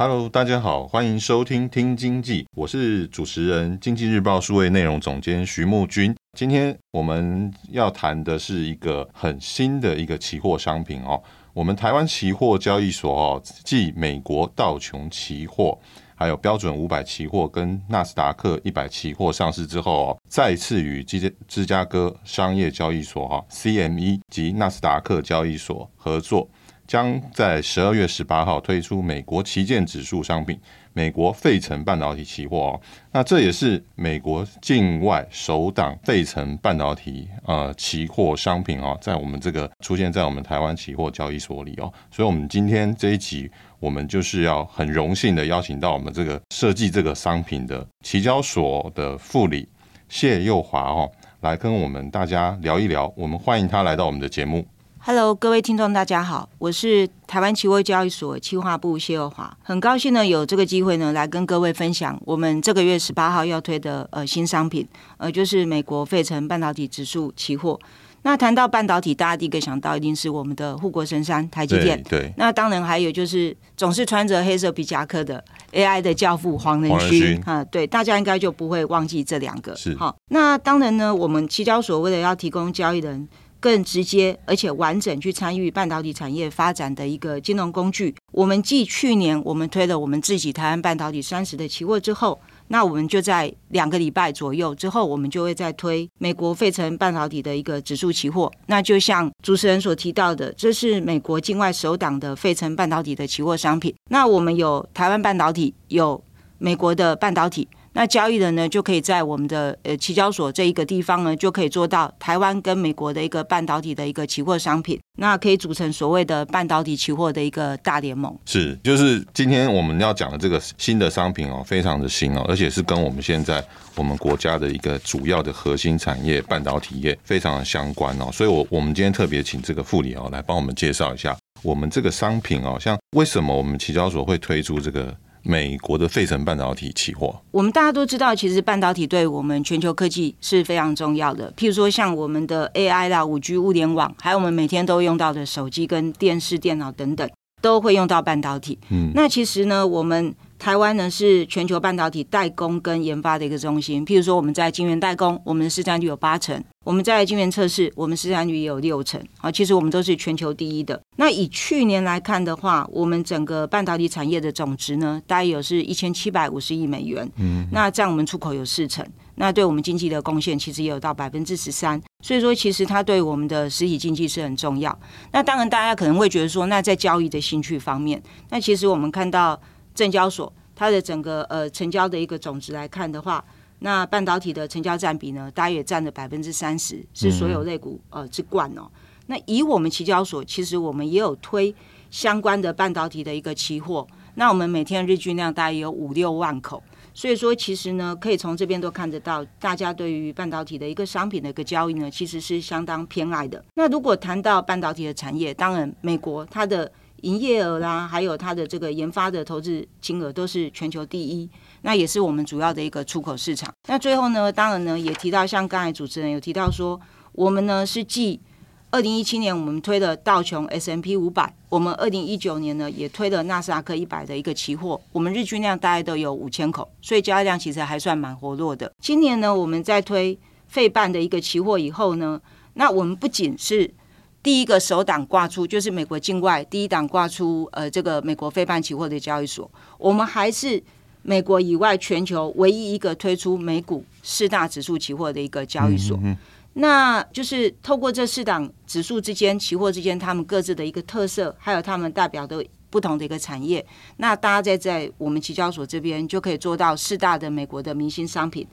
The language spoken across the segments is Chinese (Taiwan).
Hello，大家好，歡迎收聽聽經濟，我是主持人經濟日報數位內容總監徐睦鈞。今天我們要談的是一個很新的一個期貨商品哦。我們台灣期貨交易所哦，繼美國道瓊期貨、還有標準五百期貨跟納斯達克一百期貨上市之後，哦，再次與芝加芝加哥商業交易所哈、哦、（CME） 及納斯達克交易所合作。將在十二月十八號推出美國旗艦指數商品——美國費城半導體期貨哦。那這也是美國境外首檔費城半導體呃期貨商品哦，在我們這個出現在我們台灣期貨交易所裡哦。所以，我們今天這一集，我們就是要很榮幸的邀請到我們這個設計這個商品的期交所的副理謝侑樺哦，來跟我們大家聊一聊。我們歡迎他來到我們的節目。Hello，各位聽眾，大家好，我是台灣期貨交易所企劃部謝侑樺，很高興呢有這個機會呢來跟各位分享我們這個月十八號要推的呃新商品，呃就是美國費城半導體指數期貨。那談到半導體，大家第一個想到一定是我們的護國神山台積電。對，對，那當然還有就是總是穿着黑色皮夾克的 AI 的教父黃仁勳啊，對，大家應該就不會忘記這兩個。是好，那當然呢，我們期交所為了要提供交易人。更直接而且完整去參與半導體產業發展的一個金融工具。我們繼去年我們推了我們自己台灣半導體三十的期貨之後，那我們就在兩個禮拜左右之後，我們就會再推美國費城半導體的一個指數期貨。那就像主持人所提到的，這是美國境外首檔的費城半導體的期貨商品。那我們有台灣半導體，有美國的半導體。那交易人呢，就可以在我們的呃期交所這一個地方呢，就可以做到台灣跟美國的一個半導體的一個期貨商品，那可以組成所謂的半導體期貨的一個大聯盟。是，就是今天我們要講的這個新的商品哦，非常的新哦，而且是跟我們現在我們國家的一個主要的核心產業半導體業非常的相關哦，所以我，我我們今天特別請這個副理哦來幫我們介紹一下我們這個商品哦，像為什麼我們期交所會推出這個。美國的費城半導體期貨，我們大家都知道，其實半導體對我們全球科技是非常重要的。譬如說，像我們的 AI 啦、五 G 物聯網，還有我們每天都用到的手機、跟電視、電腦等等，都會用到半導體。嗯，那其實呢，我們。台灣呢是全球半導體代工跟研發的一個中心。譬如說，我們在晶圓代工，我們的市占率有八成；我們在晶圓測試，我們市占率也有六成。啊，其實我們都是全球第一的。那以去年來看的話，我們整個半導體產業的總值呢，大概有是一千七百五十億美元。嗯，嗯，那占我們出口有四成，那對我們經濟的貢獻其實也有到百分之十三。所以說，其實它對我們的實體經濟是很重要。那當然，大家可能會覺得說，那在交易的興趣方面，那其實我們看到。證交所它的整個呃成交的一個總值來看的話，那半導體的成交占比呢，大約占了百分之三十，是所有類股呃之冠哦。那以我們期交所，其實我們也有推相關的半導體的一個期貨，那我們每天日均量大約有五六萬口，所以說其實呢，可以從這邊都看得到，大家對於半導體的一個商品的一個交易呢，其實是相當偏愛的。那如果談到半導體的產業，當然美國它的。營業額啦，還有它的這個研發的投資金額都是全球第一，那也是我們主要的一個出口市場。那最後呢，當然呢，也提到像剛才主持人有提到說，我們呢是繼二零一七年我們推了道瓊 S&P 五百，我們二零一九年呢也推了納斯達克一百的一個期貨，我們日均量大概都有五千口，所以交易量其實還算蠻活絡的。今年呢，我們在推費半的一個期貨以後呢，那我們不僅是。第一個首檔掛出，就是美國境外第一檔掛出，呃，這個美國費半期貨的交易所，我們還是美國以外全球唯一一個推出美股四大指數期貨的一個交易所。嗯嗯嗯，那就是透過這四檔指數之間、期貨之間，他們各自的一個特色，還有他們代表的不同的一個產業，那大家在在我們期交所這邊就可以做到四大的美國的明星商品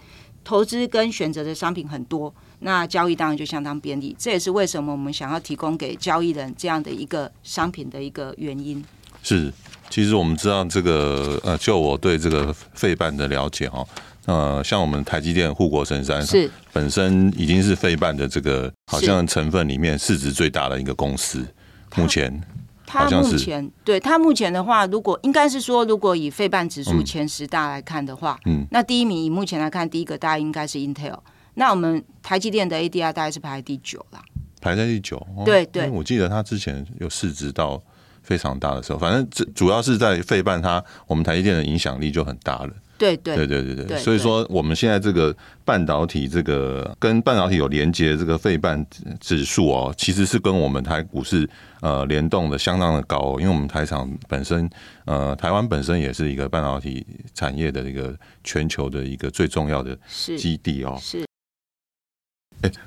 投資跟選擇的商品很多。那交易當然就相當便利，這也是為什麼我們想要提供給交易人這樣的一個商品的一個原因。是，其實我們知道這個呃，就我對這個費半的了解哈，呃，像我們台積電、護國神山是本身已經是費半的這個是好像成分裡面市值最大的一個公司，他目前他目前對他目前的話，如果應該是說，如果以費半指數前十大來看的話，嗯，那第一名以目前來看，第一個大概應該是 Intel。那我們台積電的 ADR 大概是排第九了，排在第九。喔、對，對對，因為我記得它之前有市值到非常大的時候，反正這主要是在費半它我們台積電的影響力就很大了。對對對對對。所以說，我們現在這個半導體這個跟半導體有連接這個費半指數哦、喔，其實是跟我們台股市呃聯動的相當的高、喔，因為我們台廠本身呃台灣本身也是一個半導體產業的一個全球的一個最重要的基地哦、喔。是。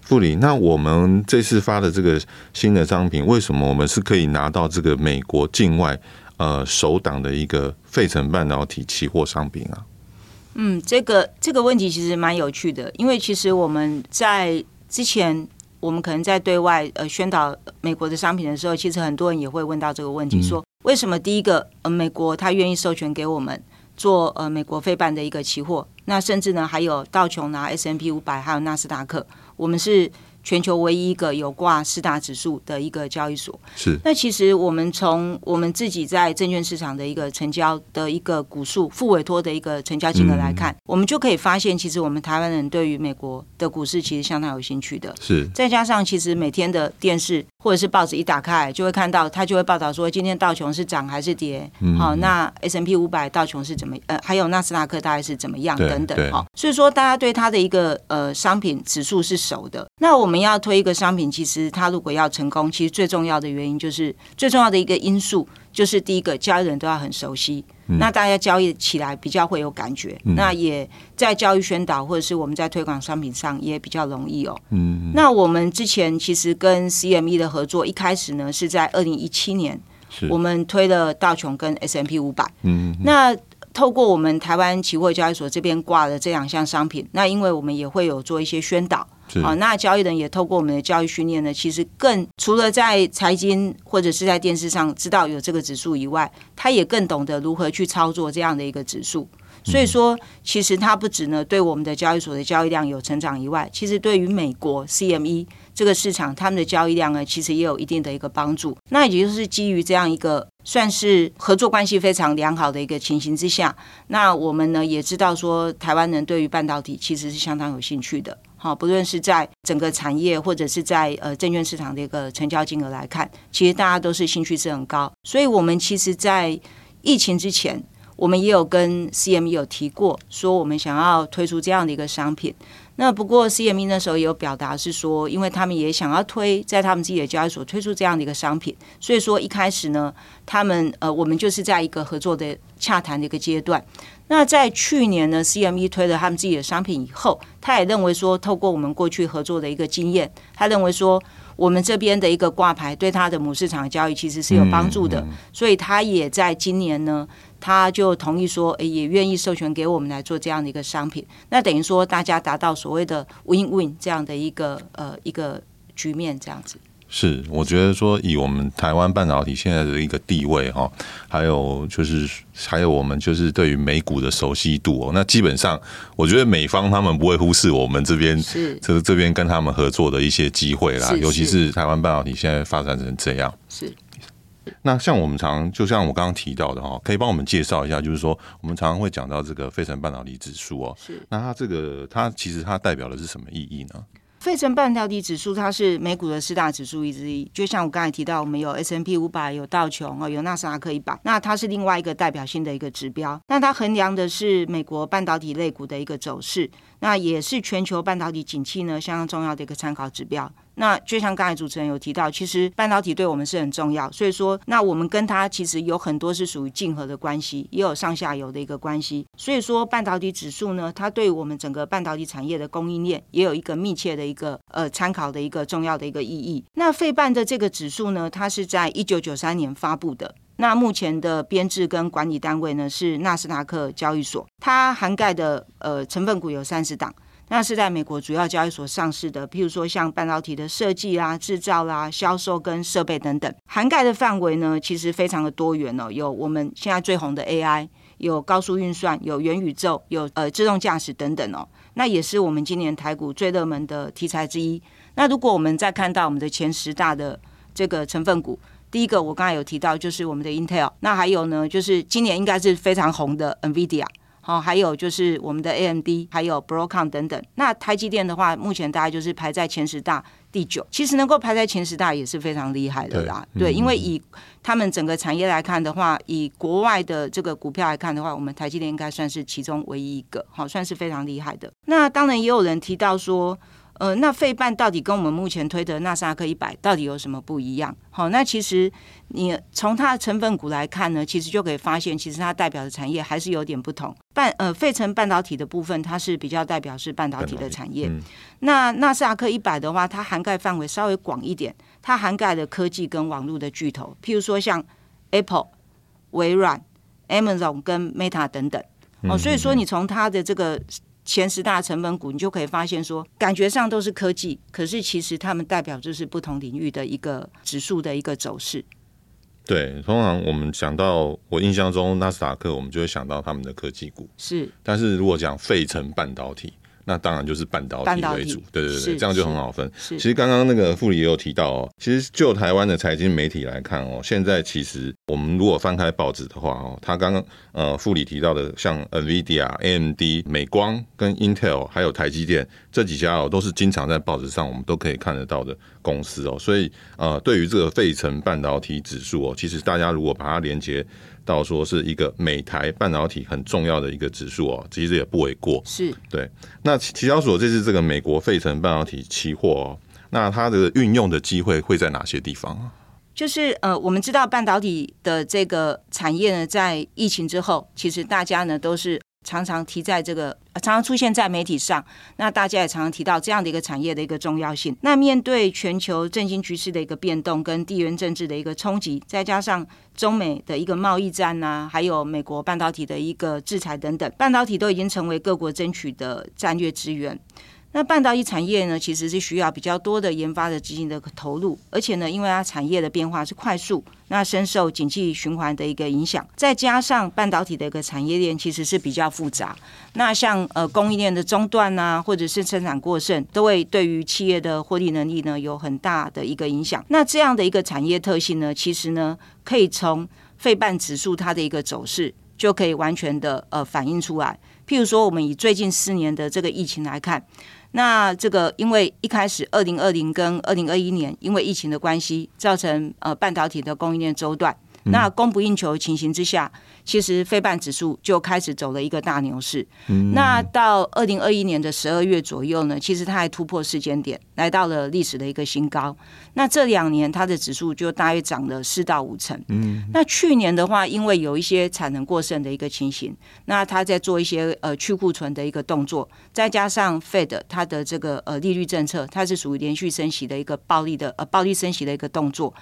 副理，那我們這次發的這個新的商品，為什麼我們是可以拿到這個美國境外呃首檔的一個費城半導體期貨商品啊？嗯，這個這個問題其實蠻有趣的，因為其實我們在之前，我們可能在對外呃宣導美國的商品的時候，其實很多人也會問到這個問題，說為什麼第一個呃美國他願意授權給我們做呃美國費半的一個期貨，那甚至呢還有道瓊拿、啊、S&P 五百，還有納斯達克。我們是。全球唯一一個有掛四大指數的一個交易所，是。那其實我們從我們自己在證券市場的一個成交的一個股數、複委託的一個成交金額來看，嗯、我們就可以發現，其實我們台灣人對於美國的股市其實相當有興趣的。是。再加上其實每天的電視或者是報紙一打開就會看到，他就會報道說今天道瓊是漲還是跌。嗯。好、哦，那 S&P 五百道瓊是怎麼？呃，還有納斯達克大概是怎麼樣？等等。好、哦，所以說大家對他的一個呃商品指數是熟的。那我們要推一個商品，其實它，如果要成功，其實最重要的原因就是最重要的一個因素就是第一個交易人都要很熟悉，嗯、那大家交易起來比較會有感覺，嗯、那也在交易宣導或者是我們在推廣商品上也比較容易哦。嗯哼，那我們之前其實跟 CME 的合作一開始呢是在二零一七年，是我們推了道瓊跟 S&P 五百，嗯哼，嗯，那。透過我們台灣期貨交易所這邊掛的這兩項商品，那因為我們也會有做一些宣導是、啊，那交易人也透過我們的交易訓練呢，其實更除了在財經或者是在電視上知道有這個指數以外，他也更懂得如何去操作這樣的一個指數。所以說，其實他不止呢對我們的交易所的交易量有成長以外，其實對於美國 CME。這個市場他們的交易量呢，其實也有一定的一個幫助。那也就是基於這樣一個算是合作關係非常良好的一個情形之下，那我們呢也知道說，台灣人對於半導體其實是相當有興趣的。好，不論是在整個產業或者是在呃證券市場的一個成交金額來看，其實大家都是興趣是很高。所以，我們其實在疫情之前，我們也有跟 CME 有提過，說我們想要推出這樣的一個商品。那不過 CME 那時候也有表達是說，因為他們也想要推在他們自己的交易所推出這樣的一個商品，所以說一開始呢，他們呃我們就是在一個合作的洽談的一個階段。那在去年呢，CME 推了他們自己的商品以後，他也認為說，透過我們過去合作的一個經驗，他認為說。我們這邊的一個掛牌對他的母市場交易其實是有幫助的，嗯嗯、所以他也在今年呢，他就同意說也願意授權給我們來做這樣的一個商品。那等於說大家達到所謂的 win-win win 這樣的一個呃一個局面這樣子。是，我覺得說以我們台灣半導體現在的一個地位哈，還有就是還有我們就是對於美股的熟悉度哦，那基本上我覺得美方他們不會忽視我們這邊，是，就是這，這邊跟他們合作的一些機會啦，是是，尤其是台灣半導體現在發展成這樣，是。那像我們常，就像我剛剛提到的哈、哦，可以幫我們介紹一下，就是說我們常常會講到這個費城半導體指數哦，是，那它這個它其實它代表的是什麼意義呢？費城半導體指數，它是美股的四大指數之一。就像我剛才提到，我們有 S N P 五百，有道瓊啊，有納斯達克一百，那它是另外一個代表性的一個指標。那它衡量的是美國半導體類股的一個走勢，那也是全球半導體景氣呢相當重要的一個參考指標。那就像剛才主持人有提到，其實半導體對我們是很重要，所以說那我們跟它其實有很多是屬於競合的關係，也有上下游的一個關係。所以說半導體指數呢，它對我們整個半導體產業的供應鏈也有一個密切的一個呃參考的一個重要的一個意義。那費半的這個指數呢，它是在一九九三年發佈的，那目前的編制跟管理單位呢是納斯達克交易所，它涵蓋的呃成分股有三十檔。那是在美國主要交易所上市的，譬如說像半導體的設計啊、製造啦、啊、銷售跟設備等等，涵蓋的範圍呢，其實非常的多元哦。有我們現在最紅的 AI，有高速運算，有元宇宙，有呃自動駕駛等等哦。那也是我們今年台股最熱門的題材之一。那如果我們再看到我們的前十大的這個成分股，第一個我剛才有提到就是我們的 Intel，那還有呢，就是今年應該是非常紅的 NVIDIA。哦，還有就是我們的 AMD，還有 Broadcom 等等。那台積電的話，目前大概就是排在前十大第九。其實能夠排在前十大也是非常厲害的啦。對，對，因為以他們整個產業來看的話，以國外的這個股票來看的話，我們台積電應該算是其中唯一一個，好、哦、算是非常厲害的。那當然也有人提到說。呃，那費半到底跟我們目前推的納斯達克一百到底有什麼不一樣？好、哦，那其實你從它的成分股來看呢，其實就可以發現，其實它代表的產業還是有點不同。半，呃，費城半導體的部分，它是比較代表是半導體的產業。嗯嗯、那納斯達克一百的話，它涵蓋範圍稍微廣一點，它涵蓋的科技跟網絡的巨頭，譬如說像 Apple、微軟、Amazon、跟 Meta 等等。哦，所以說你從它的這個。前十大成分股，你就可以發現說，感覺上都是科技，可是其實它們代表就是不同領域的一個指數的一個走勢。對，通常我們講到，我印象中納斯達克，我們就會想到他們的科技股是。但是如果講費城半導體。那當然就是半導體為主，對對對，導是 這樣就很好分。其實剛剛那個副理也有提到、喔，其實就台灣的財經媒體來看哦、喔，現在其實我們如果翻開報紙的話哦、喔，他剛剛呃副理提到的像 NVIDIA、AMD、美光跟 Intel，還有台積電這幾家哦、喔，都是經常在報紙上我們都可以看得到的公司哦、喔，所以呃對於這個費城半導體指數哦，其實大家如果把它連接。到說是一個美台半導體很重要的一個指數哦，其實也不為過。是，對。那期交所這次這個美國費城半導體期貨哦，那它的運用的機會會在哪些地方？就是呃，我們知道半導體的這個產業呢，在疫情之後，其實大家呢都是。常常提在這個、呃，常常出現在媒體上。那大家也常常提到這樣的一個產業的一個重要性。那面對全球政經局勢的一個變動，跟地緣政治的一個衝擊，再加上中美的一個貿易戰啊，還有美國半導體的一個制裁等等，半導體都已經成為各國爭取的戰略資源。那半導體產業呢，其實是需要比較多的研發的資金的投入，而且呢，因為它產業的變化是快速，那深受景氣循環的一個影響，再加上半導體的一個產業鏈其實是比較複雜，那像呃供應鏈的中斷啊，或者是生產過剩，都會對於企業的獲利能力呢有很大的一個影響。那這樣的一個產業特性呢，其實呢可以從費半指數它的一個走勢就可以完全的呃反映出來。譬如說，我們以最近四年的這個疫情來看。那這個因為一開始二零二零跟二零二一年，因為疫情的關係，造成呃半導體的供應鏈中斷，嗯、那供不應求情形之下。其實費半指數就開始走了一個大牛市，那到二零二一年的十二月左右呢，其實它還突破四千點，來到了歷史的一個新高。那這兩年它的指數就大約漲了四到五成。嗯，那去年的話，因為有一些產能過剩的一個情形，那它在做一些呃去庫存的一個動作，再加上 Fed 它的這個呃利率政策，它是屬於連續升息的一個暴力的呃暴力升息的一個動作。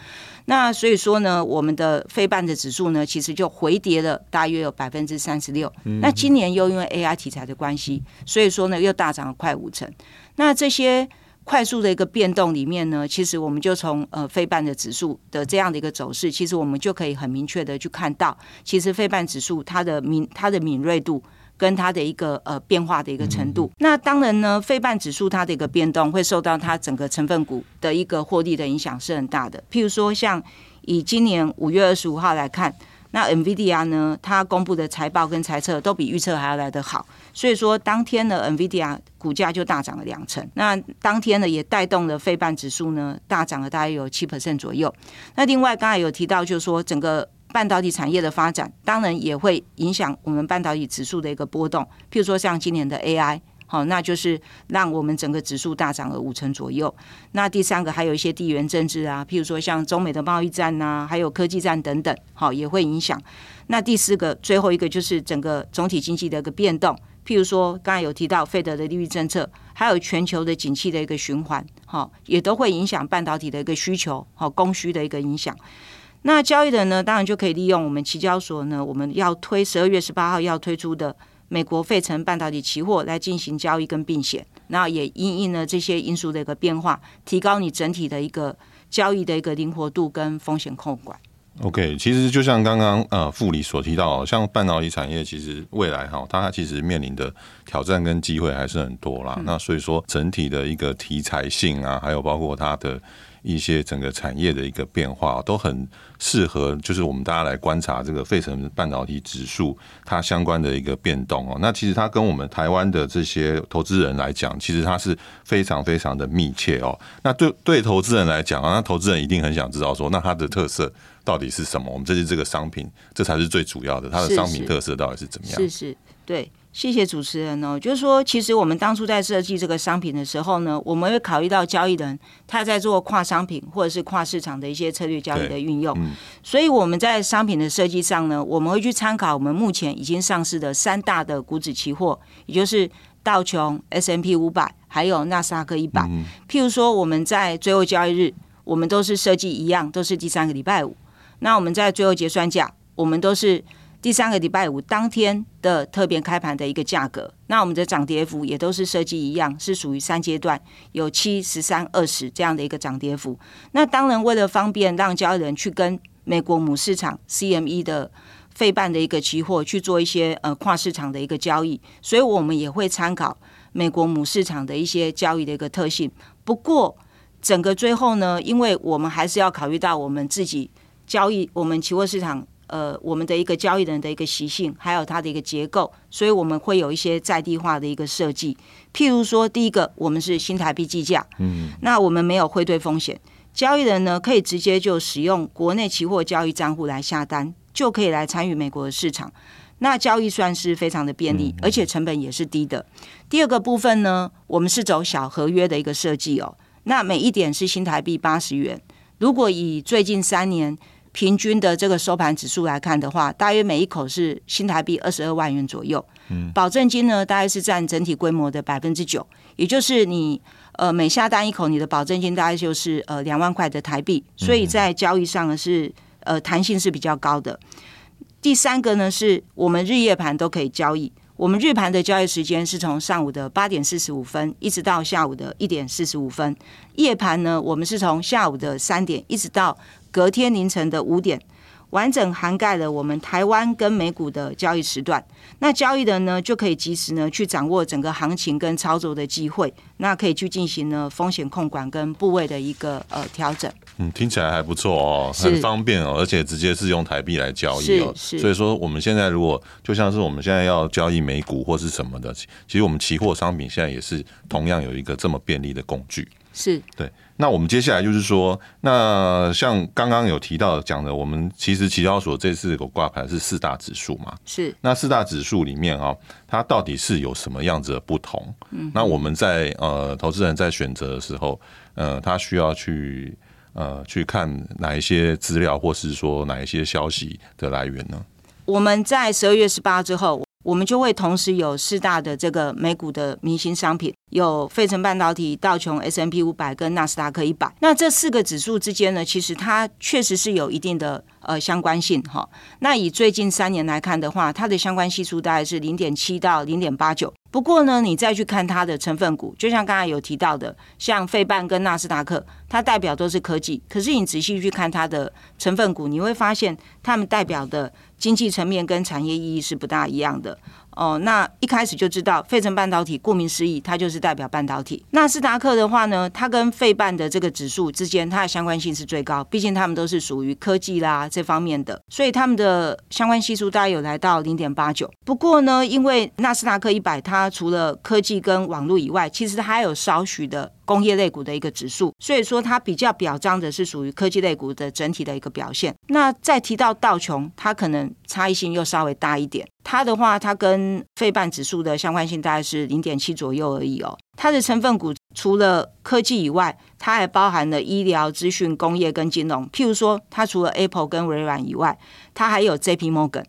那所以說呢，我們的費半的指數呢，其實就回跌了。大約有百分之三十六，那今年又因為 AI 題材的關係，嗯、哼所以說呢又大漲了快五成。那這些快速的一個變動裡面呢，其實我們就從呃費半的指數的這樣的一個走勢，其實我們就可以很明確的去看到，其實費半指數它,它的敏它的敏銳度跟它的一個呃變化的一個程度。嗯、哼那當然呢，費半指數它的一個變動會受到它整個成分股的一個獲利的影響是很大的。譬如說，像以今年五月二十五號來看。那 Nvidia 呢，它公布的財報跟財測都比預測還要來得好，所以說當天呢，Nvidia 股價就大漲了兩成。那當天呢，也帶動了費半指數呢大漲了大約有七 percent 左右。那另外剛才有提到，就是說整個半導體產業的發展，當然也會影響我們半導體指數的一個波動。譬如說像今年的 AI。好，那就是讓我們整個指數大漲了五成左右。那第三個還有一些地緣政治啊，譬如說像中美的貿易戰啊，還有科技戰等等，好，也會影響。那第四個，最後一個就是整個總體經濟的一個變動，譬如說剛才有提到費德的利率政策，還有全球的景氣的一個循環，好，也都會影響半導體的一個需求，好，供需的一個影響。那交易人呢，當然就可以利用我們期交所呢，我們要推十二月十八號要推出的，美國費城半導體期貨來進行交易跟避險，然後也因應了這些因素的一個變化，提高你整體的一個交易的一個靈活度跟風險控管。OK，其實就像剛剛呃副理所提到，像半導體產業其實未來哈，它其實面臨的挑戰跟機會還是很多啦。嗯、那所以說整體的一個題材性啊，還有包括它的。一些整個產業的一個變化都很適合，就是我們大家來觀察這個費城半導體指數它相關的一個變動哦。那其實它跟我們台灣的這些投資人來講，其實它是非常非常的密切哦。那對對投資人來講啊，那投資人一定很想知道說，那它的特色到底是什麼？我們這是這個商品，這才是最主要的。它的商品特色到底是怎麼樣？是是是是對，謝謝主持人哦。就是說，其實我們當初在設計這個商品的時候呢，我們會考慮到交易人他在做跨商品或者是跨市場的一些策略交易的運用，嗯、所以我們在商品的設計上呢，我們會去參考我們目前已經上市的三大的股指期貨，也就是道瓊、S&P 500，還有納斯達克一百。嗯、譬如說，我們在最後交易日，我們都是設計一樣，都是第三個禮拜五。那我們在最後結算價，我們都是，第三個禮拜五當天的特別開盤的一個價格，那我們的漲跌幅也都是設計一樣，是屬於三階段，有七、十三、二十這樣的一個漲跌幅。那當然，為了方便讓交易人去跟美國母市場 CME 的費半的一個期貨去做一些呃跨市場的一個交易，所以我們也會參考美國母市場的一些交易的一個特性。不過，整個最後呢，因為我們還是要考慮到我們自己交易我們期貨市場。呃，我們的一個交易人的一個習性，還有它的一個結構，所以我們會有一些在地化的一個設計。譬如說，第一個，我們是新台幣計價，嗯，嗯，那我們沒有匯兌風險，交易人呢可以直接就使用國內期貨交易賬戶來下單，就可以來參與美國的市場。那交易算是非常的便利，嗯嗯，而且成本也是低的。第二個部分呢，我們是走小合約的一個設計哦，那每一點是新台幣八十元。如果以最近三年，平均的這個收盤指數來看的話，大約每一口是新台幣二十二萬元左右。保證金呢，大概是佔整體規模的百分之九，也就是你呃每下單一口，你的保證金大概就是呃兩萬塊的台幣，所以在交易上呢是呃彈性是比較高的。第三個呢，是我們日夜盤都可以交易。我們日盤的交易時間是從上午的八點四十五分一直到下午的一點四十五分，夜盤呢，我們是從下午的三點一直到隔天凌晨的五點，完整涵蓋了我們台灣跟美股的交易時段。那交易的呢，就可以及時呢去掌握整個行情跟操作的機會，那可以去進行呢風險控管跟部位的一個呃調整。嗯，聽起來還不錯哦、喔，很方便哦、喔，是而且直接是用台幣來交易哦、喔。是。所以說，我們現在如果就像是我們現在要交易美股或是什麼的，其實我們期貨商品現在也是同樣有一個這麼便利的工具。是對，那我們接下來就是說，那像剛剛有提到講的，我們其實期交所這次有掛牌是四大指數嘛？是，那四大指數裡面啊、哦，它到底是有什麼樣子的不同？嗯哼，那我們在呃，投資人在選擇的時候，呃，他需要去呃，去看哪一些資料，或是說哪一些消息的來源呢？我們在十二月十八之後，我們就會同時有四大的這個美股的明星商品。有費城半導體、道瓊 S&P 五百跟納斯達克一百，那這四個指數之間呢，其實它確實是有一定的呃相關性哈。那以最近三年來看的話，它的相關係數大概是零點七到零點八九。不過呢，你再去看它的成分股，就像剛才有提到的，像費半跟納斯達克，它代表都是科技，可是你仔細去看它的成分股，你會發現它們代表的經濟層面跟產業意義是不大一樣的。哦，那一開始就知道，費城半導體顧名思義，它就是代表半導體。納斯達克的話呢，它跟費半的這個指數之間，它的相關性是最高，畢竟他們都是屬於科技啦這方面的，所以他們的相關係數大概有來到零點八九。不過呢，因為納斯達克一百，它除了科技跟網絡以外，其實它還有少許的。工業類股的一個指數，所以說它比較表彰的是屬於科技類股的整體的一個表現。那再提到道瓊，它可能差異性又稍微大一點。它的話，它跟費半指數的相關性大概是零點七左右而已哦、喔。它的成分股除了科技以外，它還包含了醫療、資訊、工業跟金融。譬如說，它除了 Apple 跟微軟以外，它還有 JP Morgan，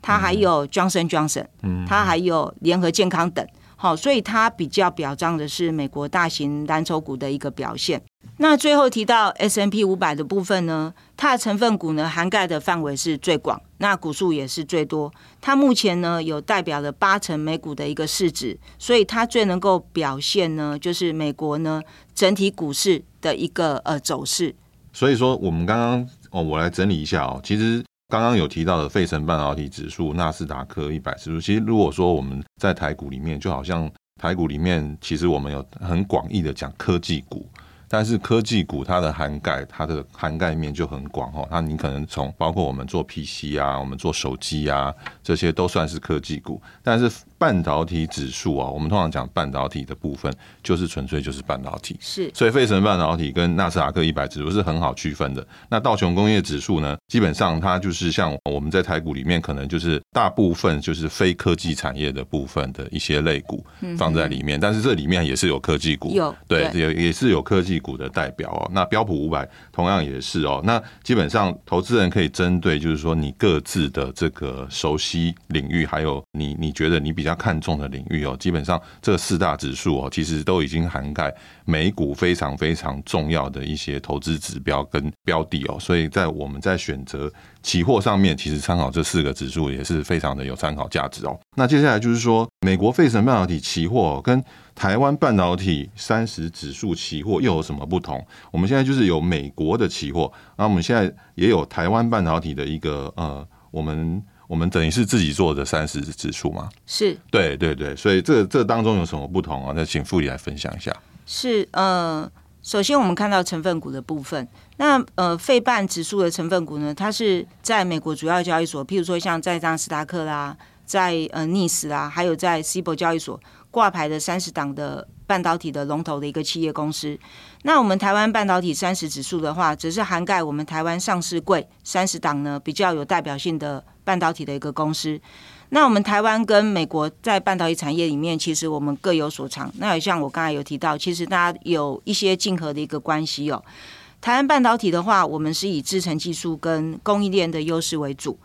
它還有 Johnson Johnson，嗯，John son，它還有聯合健康等。好，所以它比較表彰的是美國大型藍籌股的一個表現。那最後提到 S&P 五百的部分呢，它的成分股呢，涵蓋的範圍是最廣，那股數也是最多。它目前呢，有代表了八成美股的一個市值，所以它最能夠表現呢，就是美國呢整體股市的一個呃走勢。所以說，我們剛剛哦，我來整理一下哦，其實。剛剛有提到的費城半導體指數、納斯達克一百指數，其實如果說我們在台股裡面，就好像台股裡面，其實我們有很廣義的講科技股。但是科技股它的涵蓋它的涵蓋面就很廣哦、喔，它你可能從包括我們做 PC 啊，我們做手機啊，這些都算是科技股。但是半導體指數啊，我們通常講半導體的部分就是純粹就是半導體。是，所以費城半導體跟納斯達克一百指數是很好區分的。那道瓊工業指數呢，基本上它就是像我們在台股裡面可能就是大部分就是非科技產業的部分的一些類股放在裡面，嗯嗯嗯嗯，但是這裡面也是有科技股，有對，也對也是有科技股。股的代表哦，那標普五百同樣也是哦，那基本上投資人可以針對，就是說你各自的這個熟悉領域，還有你你覺得你比較看重的領域哦，基本上這四大指數哦，其實都已經涵蓋美股非常非常重要的一些投資指標跟標的哦，所以在我們在選擇期貨上面，其實參考這四個指數也是非常的有參考價值哦。那接下來就是說美國費城半導體期貨、哦、跟。台灣半導體三十指數期貨又有什麼不同？我們現在就是有美國的期貨，那我們現在也有台灣半導體的一個呃，我們我們等於是自己做的三十指數嘛。是，對對對，所以這個、這個、當中有什麼不同啊？那請副理來分享一下。是，呃，首先我們看到成分股的部分，那呃，費半指數的成分股呢，它是在美國主要交易所，譬如說像在那斯達克啦，在呃 NYSE 啦，還有在 CBOE 交易所掛牌的三十檔的半導體的龍頭的一個企業公司，那我們台灣半導體三十指數的話，只是涵蓋我們台灣上市櫃三十檔呢比較有代表性的半導體的一個公司。那我們台灣跟美國在半導體產業裡面，其實我們各有所長。那也像我剛才有提到，其實大家有一些競合的一個關係哦、喔。台灣半導體的話，我們是以制程技術跟供應鏈的優勢為主。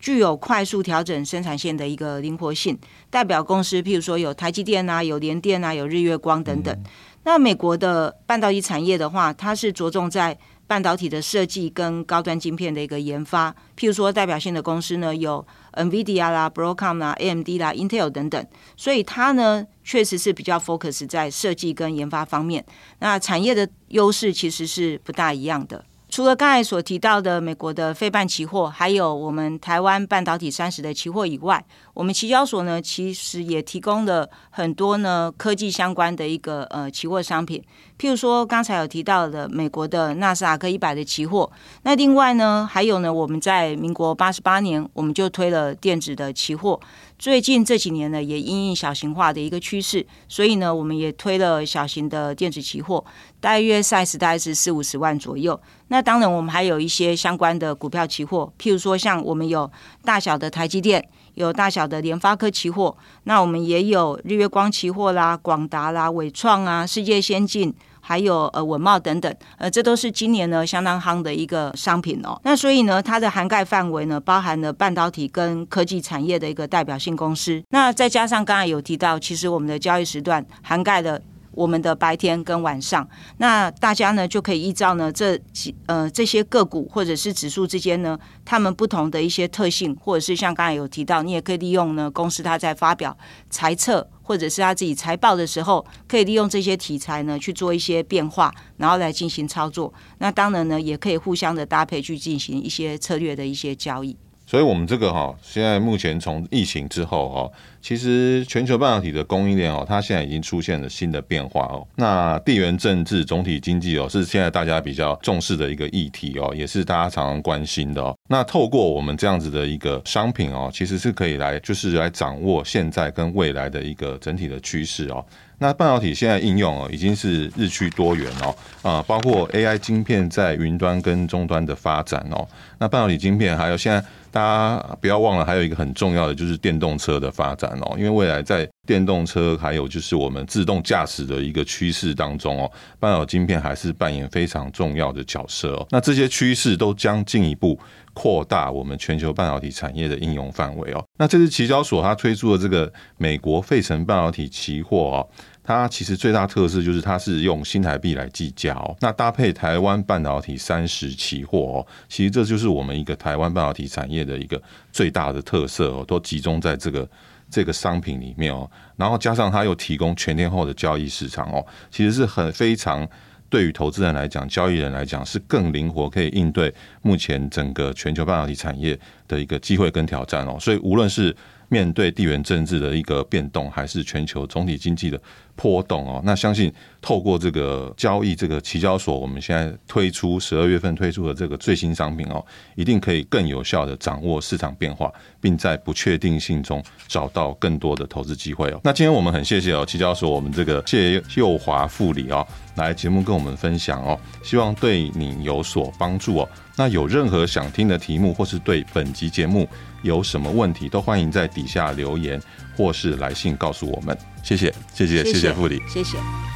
具有快速調整生產線的一個靈活性，代表公司譬如說有台積電啊、有聯電啊、有日月光等等。嗯。那美國的半導體產業的話，它是着重在半導體的設計跟高端晶片的一個研發，譬如說代表性的公司呢有 NVIDIA 啦、Broadcom 啦、AMD 啦、Intel 等等。所以它呢確實是比較 focus 在設計跟研發方面。那產業的優勢其實是不大一樣的。除了剛才所提到的美國的費半期貨，還有我們台灣半導體三十的期貨以外，我們期交所呢，其實也提供了很多呢科技相關的一個呃期貨商品，譬如說剛才有提到的美國的納斯達克一百的期貨，那另外呢，還有呢我們在民國八十八年我們就推了電子的期貨。最近這幾年呢，也因應小型化的一個趨勢，所以呢，我們也推了小型的電子期貨，大約 size 大概是四五十萬左右。那當然，我們還有一些相關的股票期貨，譬如說像我們有大小的台積電，有大小的聯發科期貨，那我們也有日月光期貨啦、廣達啦、緯創啊、世界先進。還有呃，文貿等等，呃，這都是今年呢相當夯的一個商品哦。那所以呢，它的涵蓋範圍呢，包含了半導體跟科技產業的一個代表性公司。那再加上剛才有提到，其實我們的交易時段涵蓋了我們的白天跟晚上。那大家呢就可以依照呢這幾呃這些個股或者是指數之間呢，他們不同的一些特性，或者是像剛才有提到，你也可以利用呢公司它在發表財測。或者是他自己財報的時候，可以利用這些題材呢去做一些變化，然後來進行操作。那當然呢，也可以互相的搭配去進行一些策略的一些交易。所以，我們這個哈，現在目前從疫情之後哈，其實全球半導體的供應鏈哦，它現在已經出現了新的變化哦。那地緣政治、總體經濟哦，是現在大家比較重視的一個議題哦，也是大家常常關心的哦。那透過我們這樣子的一個商品哦，其實是可以來，就是來掌握現在跟未來的一個整體的趨勢哦。那半導體現在應用哦，已經是日趨多元哦，啊，包括 AI 晶片在雲端跟終端的發展哦。那半導體晶片還有現在大家不要忘了，還有一個很重要的就是電動車的發展哦。因為未來在電動車還有就是我們自動駕駛的一個趨勢當中哦，半導體晶片還是扮演非常重要的角色哦。那這些趨勢都將進一步擴大我們全球半導體產業的應用範圍哦。那這次期交所它推出的這個美國費城半導體期貨哦。它其實最大特色就是它是用新台幣來計價哦，那搭配台灣半導體三十期貨哦，其實這就是我們一個台灣半導體產業的一個最大的特色哦，都集中在這個這個商品裡面哦，然後加上它又提供全天候的交易市場哦，其實是很非常對於投資人來講、交易人來講是更靈活，可以應對目前整個全球半導體產業的一個機會跟挑戰哦，所以無論是。面對地緣政治的一個變動，還是全球總體經濟的波動哦，那相信透過這個交易，這個期交所，我們現在推出十二月份推出的這個最新商品哦，一定可以更有效地掌握市場變化，並在不確定性中找到更多的投資機會哦。那今天我們很謝謝哦期交所我們這個謝侑樺副理哦來節目跟我們分享哦，希望對你有所幫助哦。那有任何想聽的題目，或是對本集節目有什麼問題都歡迎在底下留言，或是來信告訴我們。謝謝，謝謝，謝謝副理，謝謝。謝謝。